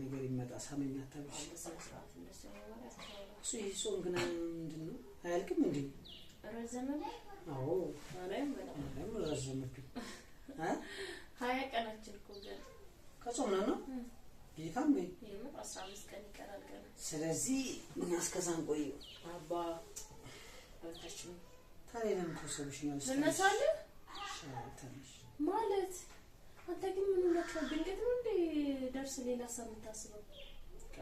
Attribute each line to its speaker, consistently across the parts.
Speaker 1: ነገር ይመጣ ሳመኛ ታብሽ እሱ ይህ ጾም ግን ምንድን ነው አያልቅም እንዴ?
Speaker 2: ረዘመብኝ። አዎ ሀያ ቀናችን እኮ ገና
Speaker 1: ከጾም ነው ነው ጌታም
Speaker 2: አስራ አምስት ቀን ይቀራል ገና። ስለዚህ አባ
Speaker 1: ታዲያ ለምን
Speaker 2: ማለት አንተ ግን ምን ሆነክ ነው? ድንገት ነው እንዴ ደርስ ሌላ ሀሳብ የምታስበው?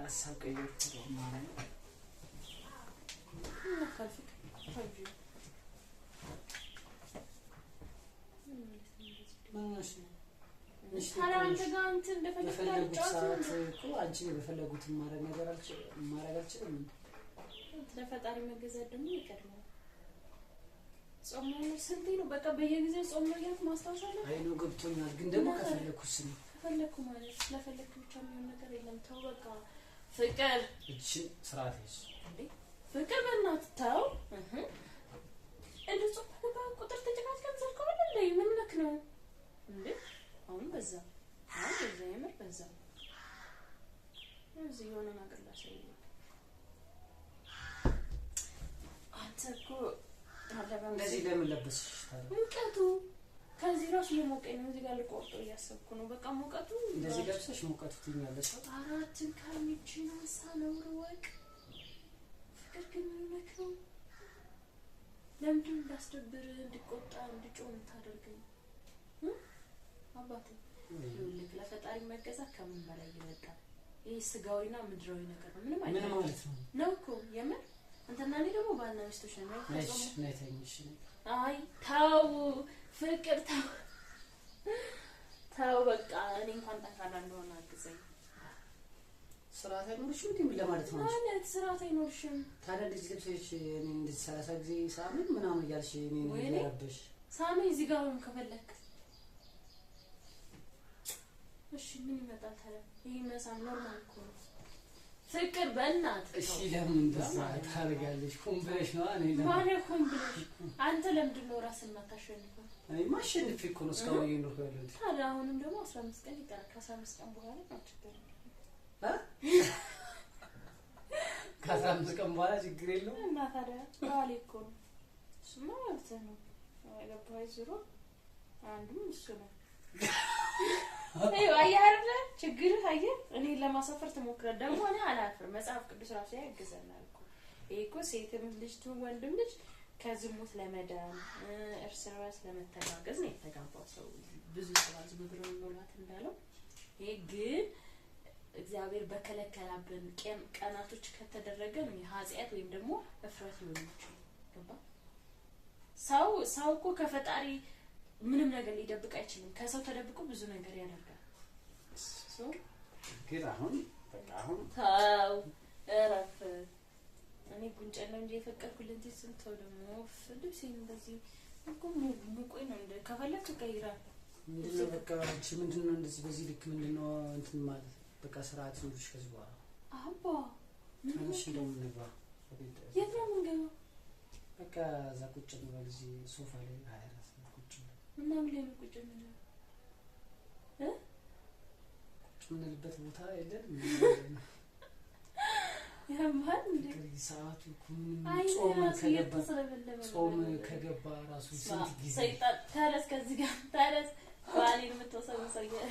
Speaker 1: ሀሳብ ቀየርኩ ማለት ነው። ታዲያ የፈለጉትን ማድረግ ነገር ማድረግ አልችልም።
Speaker 2: ለፈጣሪ መገዛት ደግሞ ይቀድማል። ስንቴ ነው በቃ በየጊዜው ጾም መብላት ማስታወሻ ነው።
Speaker 1: አይ ነው ገብቶኛል፣ ግን ደግሞ ከፈለኩስ ነው
Speaker 2: ከፈለኩ ማለት ስለፈለኩ ብቻ የሚሆን ነገር የለም። ተው በቃ ፍቅር
Speaker 1: እቺ ስርዓት ይዝ
Speaker 2: ፍቅር በእናትህ ተው። እንደ ጾም ገባ ቁጥር ተጨቃጭቀን ከሆነ አይደለ? ምን ነክ ነው እንዴ? አሁን በዛ አሁን በዛ የምር በዛ እዚህ የሆነ ነገር ላሳይ አንተ እኮ
Speaker 1: እንደዚህ ለምን ለበስሽ?
Speaker 2: ሙቀቱ ከዚህ ራሱ እየሞቀኝ ነው። እዚህ ጋር እያሰብኩ ነው። በቃ ሙቀቱ
Speaker 1: እንደዚህ ለብሰሽ ሙቀቱ ትኛለሽ።
Speaker 2: ካሚችን አንሳ ፍቅር ግን ነው። ለምንድን እንዳስደብር እንድቆጣ እንድጮህ የምታደርገኝ አባቴ? ይኸውልህ ለፈጣሪ መገዛት ከምን በላይ ይበልጣል። ይህ ስጋዊና ምድራዊ ነገር ነው። ምንም አይነት ነው ነው እኮ የምር እንትና እኔ ደግሞ ባልና ሚስቶች አይ ተው ፍቅር ተው ተው በቃ እኔ እንኳን ጠንካራ እንደሆነ አግዘኝ እንዴ ምን ለማለት ነው ማለት
Speaker 1: ታዲያ እኔ ጊዜ ሳምን ምናምን እያልሽ እኔ
Speaker 2: ሳሚ እዚህ ጋር ሆን ከፈለክ እሺ ምን ይመጣል ታዲያ ይህ መሳም ኖርማል እኮ ነው ፍቅር በእናት
Speaker 1: እሺ፣ ለምን እንደዛ ታደርጋለች? ሆን ብለሽ ነው። እኔ ለምን
Speaker 2: ማለት ብለሽ? አንተ ለምንድን ነው ራስን የማታሸንፈው?
Speaker 1: አይ ማሸንፍ እኮ ነው እስካሁን እየኖርኩ ያለሁት።
Speaker 2: ታዲያ አሁንም ደግሞ አስራ አምስት ቀን ይቀራል። ከአስራ አምስት ቀን በኋላ ነው ችግር
Speaker 1: እ ከአስራ አምስት ቀን በኋላ ችግር የለውም
Speaker 2: እና ታዲያ በኋላ እኮ ነው እሱማ ማለት ነው። ገባህ? ዞሮ አንዱም እሱ ነው። አየህ ችግር ችግርህ እኔ እኔን ለማሳፈር ትሞክረህ ደግሞ እኔ አላፍርም መጽሐፍ ቅዱስ ራሱ ያግዘናል እኮ ይሄ እኮ ሴትም ልጅ ትሁን ወንድም ልጅ ከዝሙት ለመዳን እርስ በርስ ለመተጋገዝ ነው የተጋባው ሰው
Speaker 1: ብዙ ስራዝ ብሎ ሞላት
Speaker 2: እንዳለው ይሄ ግን እግዚአብሔር በከለከላብን ቀናቶች ከተደረገ ነው ኃጢአት ወይም ደግሞ እፍረት ሊሆን ይችላል። ሰው ሰው እኮ ከፈጣሪ ምንም ነገር ሊደብቅ አይችልም። ከሰው ተደብቆ ብዙ ነገር ያደርጋል።
Speaker 1: ግን አሁን በቃ አሁን
Speaker 2: ተው እረፍ። እኔ ጉንጨን ነው እንጂ የፈቀድኩልህ እንጂ ስንት ሰው ደግሞ ልብሴን እንደዚህ እኮ ሙቆኝ ነው እንደ ከፈለክ ትቀይራለህ።
Speaker 1: ምንድነው በቃ አንቺ ምንድነው እንደዚህ በዚህ ልክ ምንድነው እንትን ማለት በቃ ስርዓት ይኑርሽ ከዚህ በኋላ አባ ትንሽ እንደምንገባ
Speaker 2: የት ነው የምንገባው?
Speaker 1: በቃ እዛ ቁጭ እንበል እዚህ ሶፋ ላይ ሀያ
Speaker 2: እና ምን ላይ ነው ቁጭ የምንለው?
Speaker 1: ቁጭ የምንልበት ቦታ የለን። ጾም ከገባ ራሱ ስንት
Speaker 2: ጊዜ ታዲያስ ከዚህ ጋር ታዲያስ ባሌን የምትወሰኑ ሰውዬ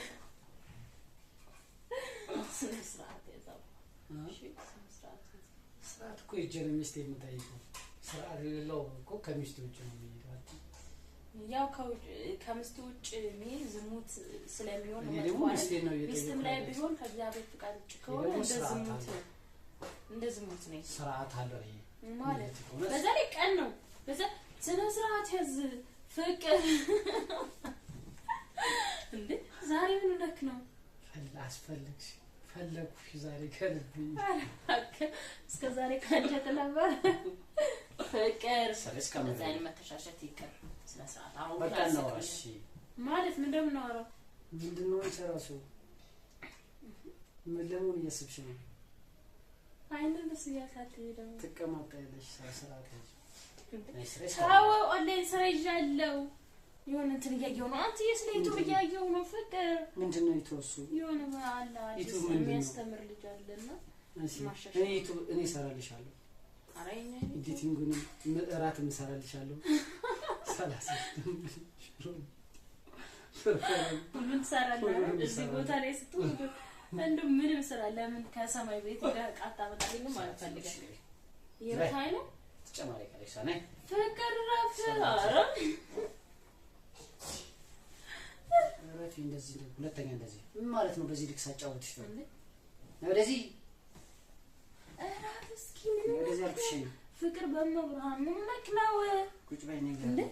Speaker 2: ስነ ስርዓት ያዛው
Speaker 1: ስርዓት እኮ ሂጅ ነው ሚስቴ ስርዓት የሌለው እኮ ነው የሚሄደው።
Speaker 2: ያው ከምስት ውጭ ሚል ዝሙት ስለሚሆን ሚስትም ላይ ቢሆን ከእግዚአብሔር ፍቃድ ውጭ
Speaker 1: ከሆነ እንደ ዝሙት
Speaker 2: እንደ ዝሙት ነው። ስርዓት አለ ማለት በዛ ላይ ቀን ነው። በዛ ስነ ስርዓት ያዝ ፍቅር እንዴ ዛሬ ምን ነክ ነው
Speaker 1: አስፈልግሽ ፈለግኩሽ ዛሬ ከልብ
Speaker 2: እስከ ዛሬ ከአንጀት ነበር ፍቅር
Speaker 1: ስለዚህ
Speaker 2: መተሻሸት ይቀር ስነ ስርዓት አሁን ማለት ምን እንደምናወራው
Speaker 1: ምንድን ነው አንቺ ምን ለምን እያስብሽ ነው?
Speaker 2: አይነ ደስ እያሳት ሄደው
Speaker 1: ትቀማጣለሽ። ስርዓት
Speaker 2: ሰው ኦንላይን ስራ ይዣለሁ የሆነ እንትን እያየሁ ነው። አንተ የስለ ዩቱብ እያየሁ ነው። ፍቅር
Speaker 1: ምንድን ነው ዩቱብ?
Speaker 2: የሆነ አላ ዩቱብ የሚያስተምር ልጅ አለና
Speaker 1: እኔ ዩቱብ እኔ እሰራልሻለሁ። ኤዲቲንጉንም እራት እሰራልሻለሁ
Speaker 2: ሁሉን ትሰራለህ። እዚህ ቦታ ላይ ስትሆን እንዱ ምንም ስራ ለምን ከሰማይ ቤት ጋር ቃጣ መጣልኝ ማለት ፈልጋለሁ። ነው ተጨማሪ ፍቅር ረፍ አረ
Speaker 1: ረፊ እንደዚህ ሁለተኛ እንደዚህ ምን ማለት ነው? በዚህ ልክ ሳጫውትሽ ነው ወደዚህ እስኪ ምን
Speaker 2: ፍቅር በመብርሃን ምን መክናወ ቁጭ በይ ነገር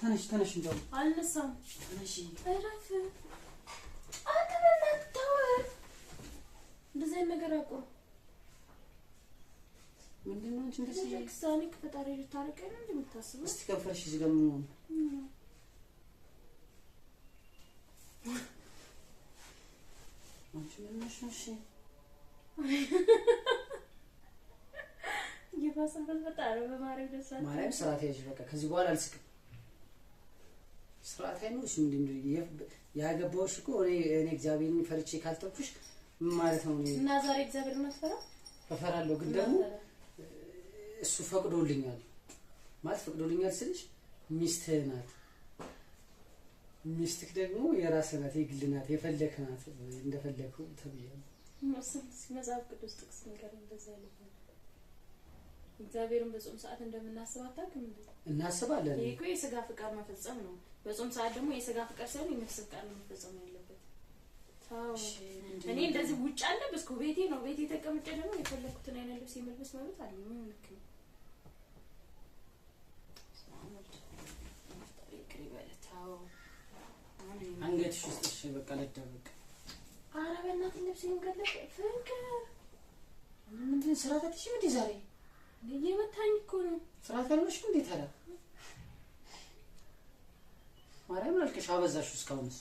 Speaker 1: ተነሽ ተነሽ፣ እንደው አልነሳም። ተነሽ
Speaker 2: እረፍ። አክብነት ተው፣ እንደዚህ አይነት ነገር አቁም።
Speaker 1: ምንድን ነው አንቺ እንደዚህ
Speaker 2: ለክሳኔ ከፈጣሪ ልታርቀኝ ነው
Speaker 1: እስቲ ከፈርሽ እዚህ ጋር ምን ሆነ? አንቺ ምን ነሽ? እሺ
Speaker 2: ይባሰን በፈጣሪ በማርያም ደስ አለ።
Speaker 1: ማርያም በቃ ከዚህ በኋላ አልስቅም። ስርዓት አይኖርሽ። ምንድን ያገባሁሽ እኮ እኔ እኔ እግዚአብሔርን ፈርቼ ካልጠብኩሽ ማለት ነው።
Speaker 2: እኔ እና ዛሬ እግዚአብሔር ማትፈራ
Speaker 1: እፈራለሁ፣ ግን ደግሞ እሱ ፈቅዶልኛል ማለት ፈቅዶልኛል ስልሽ ሚስትህ ናት። ሚስትህ ደግሞ የራስህ ናት፣ የግል ናት፣ የፈለክ ናት። እንደፈለክ ተብያለሁ።
Speaker 2: መጽሐፍ ቅዱስ ጥቅስ ነገር እንደዛ ያለበት እግዚአብሔርን በጾም ሰዓት እንደምናስባት ታውቅ
Speaker 1: እናስባለን።
Speaker 2: ይሄ እኮ የስጋ ፍቃድ መፈጸም ነው። በጾም ሰዓት ደግሞ የስጋ ፍቅር ሳይሆን የነፍስ ፍቅር ነው መፈጸም ያለበት። እኔ እንደዚህ ውጭ አለብስኩ ቤቴ ነው ቤቴ ተቀምጬ ደግሞ የፈለኩትን አይነት ልብስ የመልበስ ማለት አለ ምን ልክ ነው?
Speaker 1: አንገትሽ ውስጥ እሺ፣ በቃ
Speaker 2: ኧረ በእናትህ ፍቅር
Speaker 1: ምንድን ስራ ምንድን ዛሬ
Speaker 2: እየመታኝ እኮ ነው
Speaker 1: ስራ ካልሆንሽ እንዴት ማርያም አልከሽ አበዛሽ። እስካሁንስ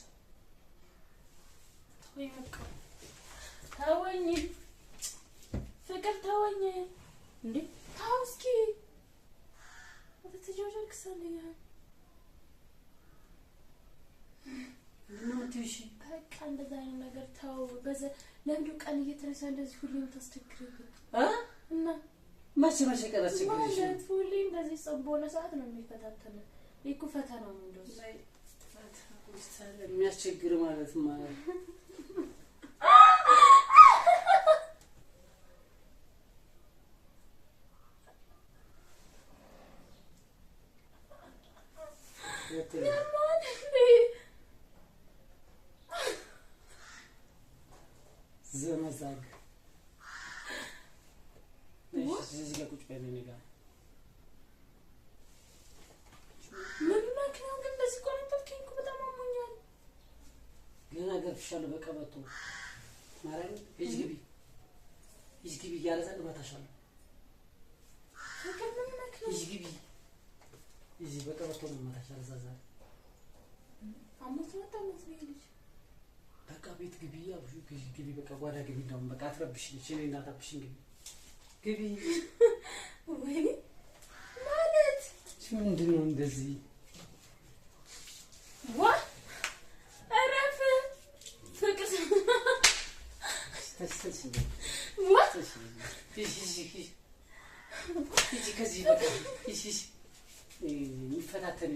Speaker 2: ተወኝ፣ ፍቅር ተወኝ። እንዴ ተው እስኪ በቃ እንደዛ አይነት ነገር ተው። በዛ ለምንድን ቀን እየተነሳ እንደዚህ ሁሌ የምታስቸግረኝ እና መቼ መቼ ማለት ሁሌ እንደዚህ በሆነ ሰዓት ነው የሚፈታተነው። ይሄ ፈተና ነው እንደዚህ
Speaker 1: የሚያስቸግር ማለት ማለት ዘመዛግ እዚህ ጋር ቁጭ በል እኔ ጋር እደግፍሻለሁ በቀበቶ ማርያም ሂጅ ግቢ ሂጅ ግቢ እያለ እመታሻለሁ። ሂጅ ግቢ ሂጂ በቀበቶ ነው እመታሻለሁ። እዛ ዛሬ
Speaker 2: ነው ልጅ
Speaker 1: በቃ ቤት ግቢ አብሹ ግቢ በቃ ጓዳ ግቢ እንዳሁን በቃ አትረብሽ ልጅ እኔ እናታብሽን ግቢ ግቢ
Speaker 2: ወይኔ ማለት
Speaker 1: ምንድን ነው እንደዚህ ሂጂ ከዚህ በቃ ሂጂ ሂጂ። የሚፈታተን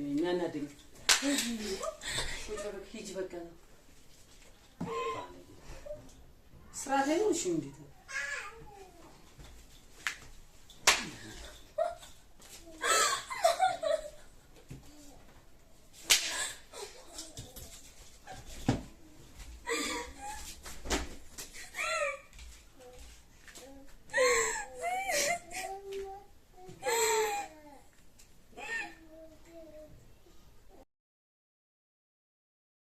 Speaker 1: ሂጂ በቃ እንዴት ነው?